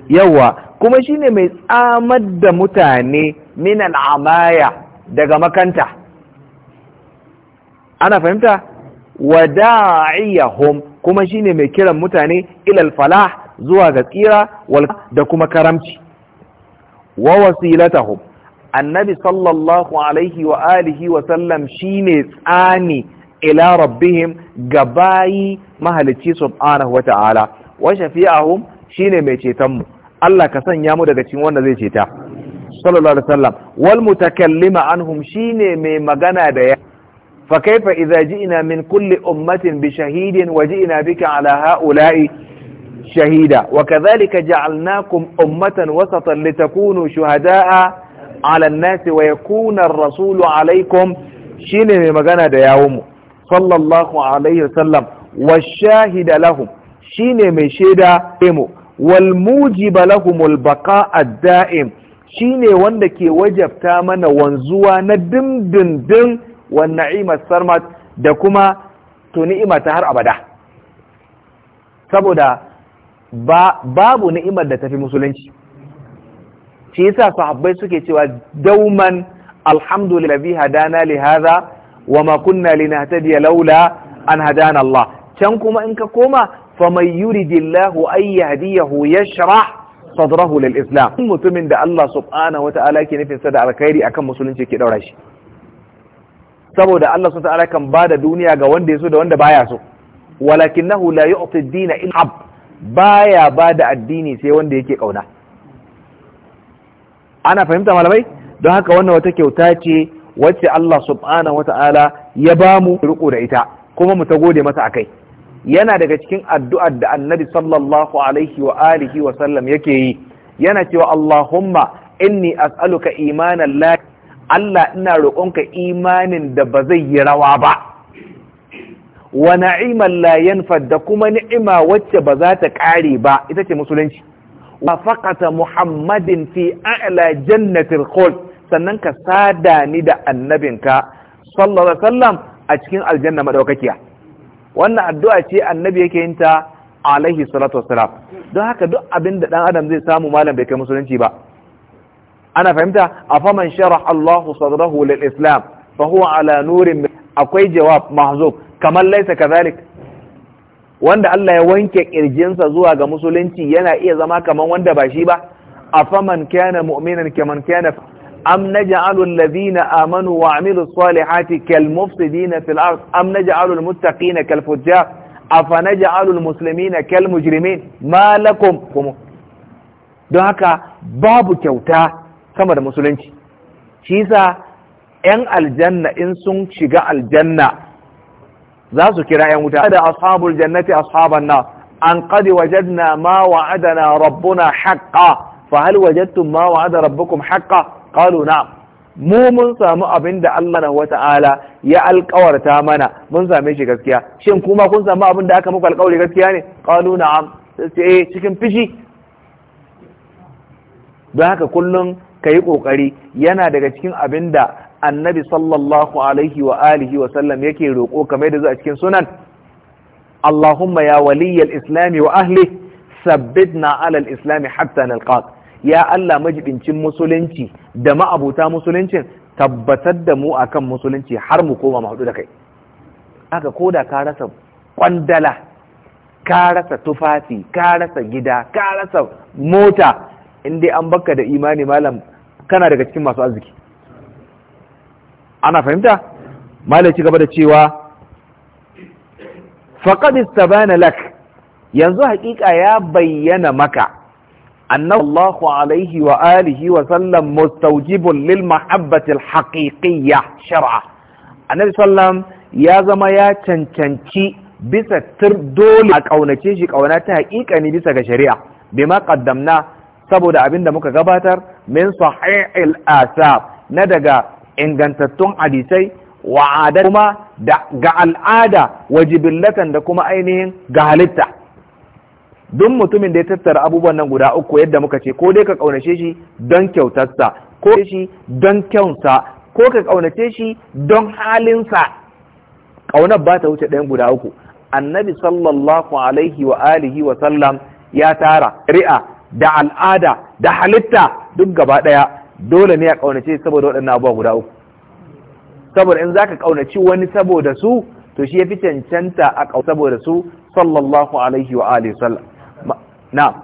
yawa kuma shine mai tsamar da mutane minan amaya daga makanta ana fahimta hom. kuma shine mai kiran mutane ilal falah zuwa ga tsira da kuma karamci wa hom. annabi sallallahu alaihi wa alihi wa sallam shine tsani ila rabbihim gabayi mahalicci subhanahu wata'ala wa shafi'ahum shine mai cetonmu. Allah ka sanya mu daga cikin wanda zai ceta صلى الله عليه وسلم والمتكلم عنهم شين من مغانا ديا فكيف إذا جئنا من كل أمة بشهيد وجئنا بك على هؤلاء شهيدا وكذلك جعلناكم أمة وسطا لتكونوا شهداء على الناس ويكون الرسول عليكم شين من مغانا ديا صلى الله عليه وسلم والشاهد لهم شين من شهداء والموجب لهم البقاء الدائم shine wanda ke wajabta mana wanzuwa na dindindin wa na'imar sarmat da kuma to ta har abada saboda ba babu ni'imar da tafi musulunci shi yasa sahabbai suke cewa dauman alhamdulillahi hadana li hadha ma kunna linahtadiya laula an hadana Allah can kuma in ka koma fa faman yuridillahu ay yahdiyahu yashrah sadrahu lil islam mutumin da Allah subhanahu wata'ala ke nufin sa da alkhairi akan musulunci ke daura shi saboda Allah subhanahu wata'ala kan bada duniya ga wanda ya so da wanda baya so walakinahu la yu'ti ad-din illa ab baya bada addini sai wanda yake kauna ana fahimta malamai don haka wannan wata kyauta ce wacce Allah subhanahu wata'ala ya bamu riko da ita kuma mu ta gode masa akai yana daga cikin addu'ar da annabi sallallahu alaihi wa alihi wa sallam yake yi yana cewa Allahumma inni as'aluka imanan la Allah ina roƙonka imanin da ba zai yi rawa ba wa na'iman la yanfad da kuma ni'ima wacce ba za ta ƙare ba ita ce musulunci wa faqata muhammadin fi a'la jannatil khuld sannan ka sada ni da annabinka sallallahu alaihi wasallam a cikin aljanna madaukakiya wannan addu'a ce annabi yake yin ta alaihi salatu wassalam don haka duk abin da dan adam zai samu malam bai kai musulunci ba ana fahimta a faman sharah Allahu sadrahu lil islam fa huwa ala nurin akwai jawab mahzub kamar laisa kazalik wanda Allah ya wanke kirjinsa zuwa ga musulunci yana iya zama kamar wanda ba shi ba afaman kana mu'minan kaman kana أم نجعل الذين آمنوا وعملوا الصالحات كالمفسدين في الأرض أم نجعل المتقين كالفجار أفنجعل المسلمين كالمجرمين ما لكم كم باب كوتا كما دا مسلمين شيسا إن الجنة إن سنشق الجنة ذاسو كرا ين أصحاب الجنة أصحاب النار أن قد وجدنا ما وعدنا ربنا حقا فهل وجدتم ما وعد ربكم حقا qalu mu mun samu abin da Allah wa ta'ala ya alkawarta mana mun same shi gaskiya shin kuma kun samu abin da aka muku alkawari gaskiya ne qalu na'am sai cikin fishi don haka kullum ka yi ƙoƙari yana daga cikin abin da annabi sallallahu alaihi wa alihi wa sallam yake roƙo kamar da zuwa cikin sunan Allahumma ya waliyyal islami wa ahli sabbitna alal islami hatta nalqaq ya Allah majibincin musulunci da ma'abuta musulunci, tabbatar da mu akan musulunci har mu koma mu haɗu da kai aka koda ka rasa kwandala ka rasa tufafi ka rasa gida ka rasa mota in dai an baka da imani malam kana daga cikin masu arziki ana fahimta malam ci gaba da cewa faqad istabana lak yanzu haƙiƙa ya bayyana maka أن الله عليه وآله وسلم مستوجب للمحبة الحقيقية شرعا النبي صلى الله عليه وسلم يا زمايا تنتنتي بس تردول أكونتي شك أوناتها إيك أني بس كشريعة بما قدمنا سبو دا أبين دمك غباتر من صحيح الآثار ندقى إن قنتتون حديثي وعادتهما دا قال عادة وجبلة دا كما أينهم قالتها duk mutumin da ya tattara abubuwan nan guda uku yadda muka ce ko dai ka kaunace shi don kyautarsa ko shi don kyaunsa ko ka kaunace shi don halinsa ƙaunar ba ta wuce ɗayan guda uku annabi sallallahu alaihi wa alihi wa sallam ya tara ri'a da al'ada da halitta duk gaba ɗaya dole ne a ƙaunace saboda waɗannan abubuwa guda uku saboda in za ka ƙaunaci wani saboda su to shi ya fi cancanta a ƙau saboda su sallallahu alaihi wa alihi sallam نعم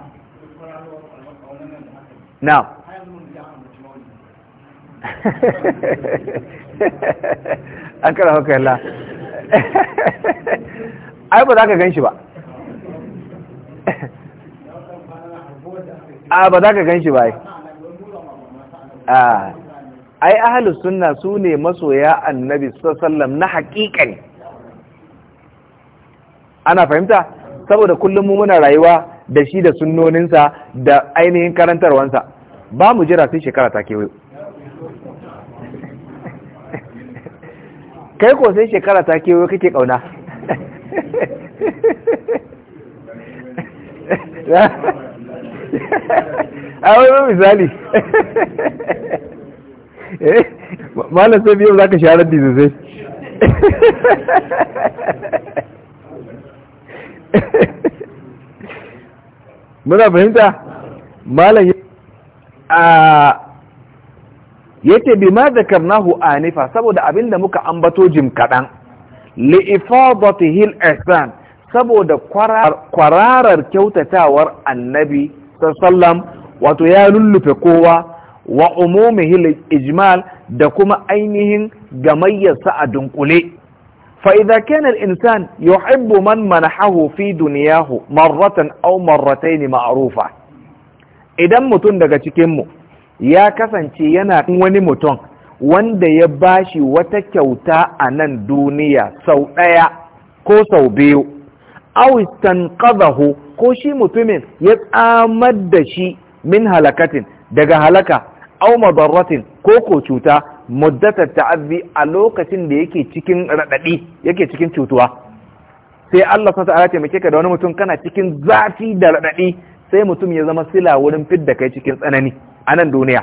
نعم an kara haka yalla ai ba za ka gan shi ba a ba za ka gan shi ba ai ahalus sunna su ne masoya annabi sallam na haƙiƙa ana fahimta saboda kullum mu muna rayuwa da shi da sunnoninsa da ainihin karantarwansa ba mu jira sai shekara ta kewayo kai ko sai shekara ta kewayo kake kauna a wani misali eh, malam sai biyu za ka ha ha ha. muna fahimta malam a yace bi ma zakarnahu anifa saboda abinda muka ambato jim kadan li ifadatihi ihsan saboda kwararar kyautatawar annabi sallam wato ya lullufe kowa wa hil ijmal da kuma ainihin gamayyarsa a dunkule فإذا كان الإنسان يحب من منحه في دنياه مرة أو مرتين معروفة Idan mutum daga cikinmu ya kasance yana wani mutum wanda ya bashi wata kyauta a nan duniya sau ɗaya ko sau biyu aw ƙazahu ko shi mutumin ya tsamar da shi min halakatin daga halaka aw madarratin ko ko cuta muddatar ta'azzi a lokacin da yake cikin raɗaɗi yake cikin cutuwa sai Allah sa ta'ala taimake ka da wani mutum kana cikin zafi da raɗaɗi sai mutum ya zama sila wurin fidda kai cikin tsanani a nan duniya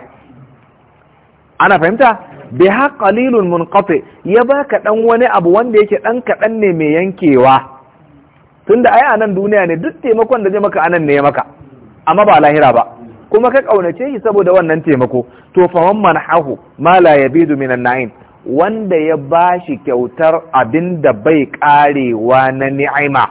ana fahimta bi ha qalilun munqati ya baka dan wani abu wanda yake dan kaɗan ne mai yankewa tunda ai a nan duniya ne duk taimakon da zai maka anan ne ya maka amma ba lahira ba kuma ka kaunace shi saboda wannan taimako to fa man manahu ma la yabidu wanda ya bashi kyautar abin da bai karewa na ni'ima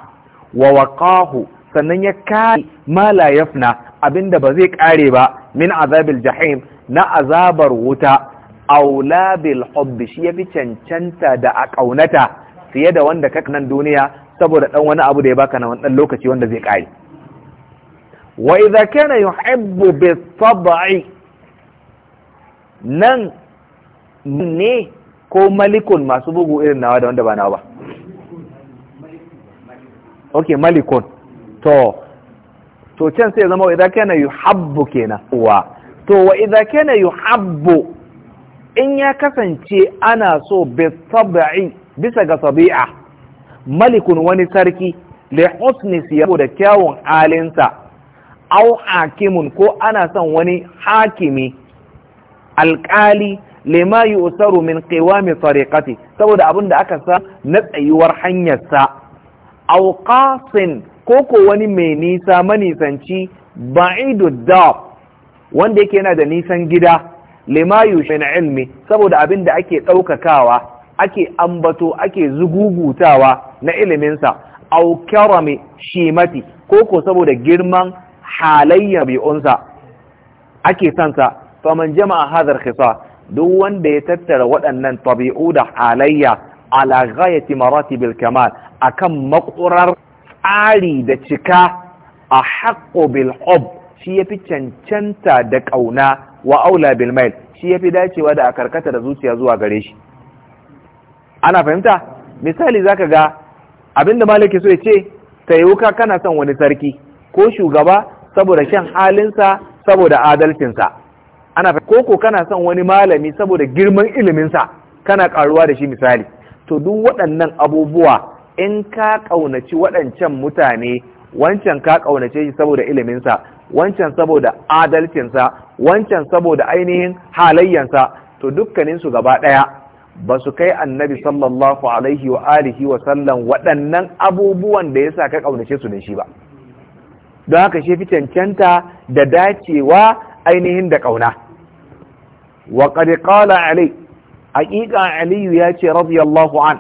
wa waqahu sannan ya kare ma la yafna abin da ba zai kare ba min azabil jahim na azabar wuta aula bil hubbi shi yafi cancanta da a kaunata fiye da wanda kaka nan duniya saboda dan wani abu da ya baka na wannan lokaci wanda zai kare wa idza kana yuhibbu bisab'i nan ne ko malikun masu bugu irin nawa da wanda ba nawa ba ok malikun to to can sai zama wa idza kana yuhibbu kenan wa to wa idza kana yuhibbu in ya kasance ana so bisab'i bisa ga sabi'a malikun wani sarki li husni siyabu da kyawun alinsa au hakimun ko ana son wani hakimi alƙali lema yi usaru min qiwami tariqati saboda abin da aka sa na tsayuwar hanyarsa au qasin ko ko wani mai nisa manisanci ba'idu da wanda yake yana da nisan gida lema na ilmi saboda abin da ake ɗaukakawa ake ambato ake zugugutawa na iliminsa au shi shimati ko ko saboda girman halayya bai unsa ake sansa faman jama'a hadar khisa duk wanda ya tattara waɗannan tabi'u da halayya ala ghayati maratibil kamal akan makurar tsari da cika a haqqo bil hub shi yafi cancanta da ƙauna wa aula bil mail shi yafi dacewa da a karkata da zuciya zuwa gare shi ana fahimta misali zaka ga abinda malaki so ya ce tayuka wuka kana son wani sarki ko shugaba saboda kyan halinsa saboda adalcinsa ana koko kana son wani malami saboda girman iliminsa kana karuwa da shi misali to duk waɗannan abubuwa in ka ƙaunaci waɗancan mutane wancan ka ƙaunace shi saboda iliminsa wancan saboda adalcinsa wancan saboda ainihin halayyansa to dukkaninsu gaba ɗaya ba su kai annabi sallallahu alaihi wa alihi wa sallam waɗannan abubuwan da yasa ka ƙaunace su ne shi ba don haka shi fi cancanta da dacewa ainihin da ƙauna wa qala ali haƙiƙa aliyu ya ce radiyallahu an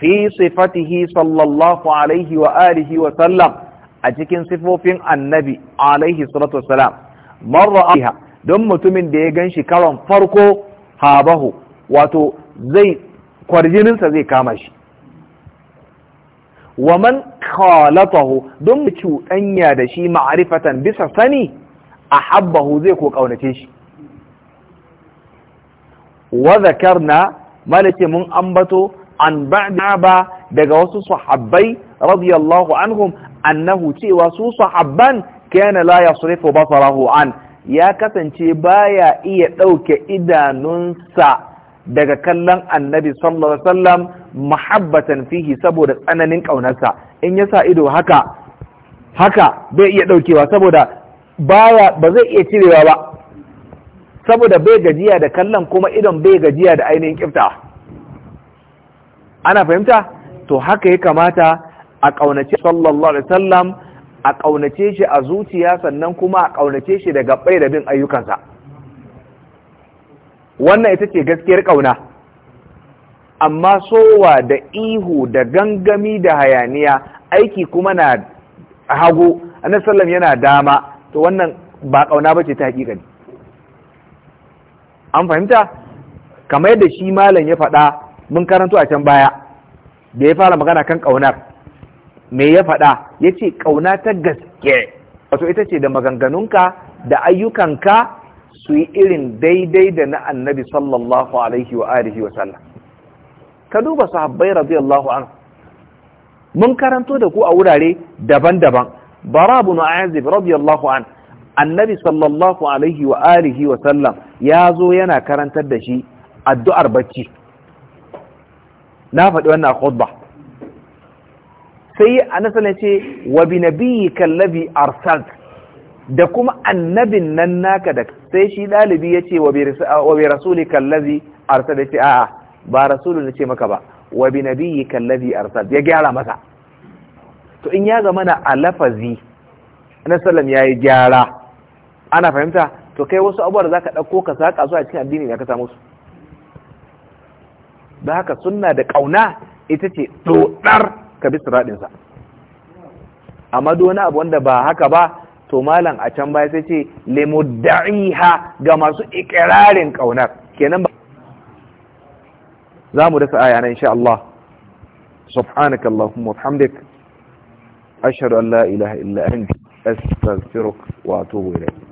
fi sifatihi sallallahu alaihi wa alihi wa sallam a cikin sifofin annabi alaihi salatu wassalam marra don mutumin da ya gan shi karon farko habahu wato zai kwarjininsa zai kama shi wa man khalatahu don mu cuɗanya da shi ma'arifatan bisa sani a habbahu zai ko ƙaunace shi wa zakarna malake mun ambato an ba'da ba daga wasu sahabbai radiyallahu anhum annahu cewa su sahabban kana la yasrifu basarahu an ya kasance baya iya ɗauke idanunsa daga kallon annabi sallallahu alaihi wasallam muhabbatan fihi saboda tsananin kaunarsa in yasa ido haka haka bai iya daukewa saboda baya ba zai iya cirewa ba saboda bai gajiya da kallon kuma idon bai gajiya da ainihin kifta ana fahimta to haka ya kamata a ƙaunace sallallahu alaihi wasallam a ƙaunace shi a zuciya sannan kuma a ƙaunace shi daga gabbai da bin ayyukansa wannan ita ce gaskiyar ƙauna amma sowa da ihu da gangami da hayaniya aiki kuma na hagu annabi sallam yana dama to wannan ba ƙauna ba ce ta hakika an fahimta kamar yadda shi malam ya faɗa mun karanto a can baya da ya fara magana kan ƙaunar me ya faɗa ya ce ƙauna ta gaske wato ita ce da maganganunka da ayyukanka su yi irin daidai da na annabi sallallahu alaihi wa alihi wa sallam ka duba sahabbai radiyallahu anhu mun karanto da ku a wurare daban-daban bara bin azib radiyallahu an annabi sallallahu alaihi wa alihi wa sallam ya zo yana karantar da shi addu'ar bacci na faɗi wannan khutba sai anasa ne ce wa bi nabiyyika allazi arsalt da kuma annabin nan naka da sai shi ɗalibi ya ce wa bi rasuli kallazi arsal ya ce a'a ba rasuli na ce maka ba wa bi nabiyyi kallazi arsal ya gyara masa to in ya zama na alafazi na sallam ya yi gyara ana fahimta to kai wasu abubuwa da za ka ɗauko ka sa su a cikin addini ne ka samu su da haka sunna da ƙauna ita ce dodar ka bi siraɗinsa amma duk wani abu wanda ba haka ba to malam a can baya sai ce limudda'iha ga masu ikirarin kaunar kenan ba za mu dasa aya insha Allah subhanaka allahumma wa bihamdik ashhadu an la ilaha illa anta astaghfiruka wa atubu ilayk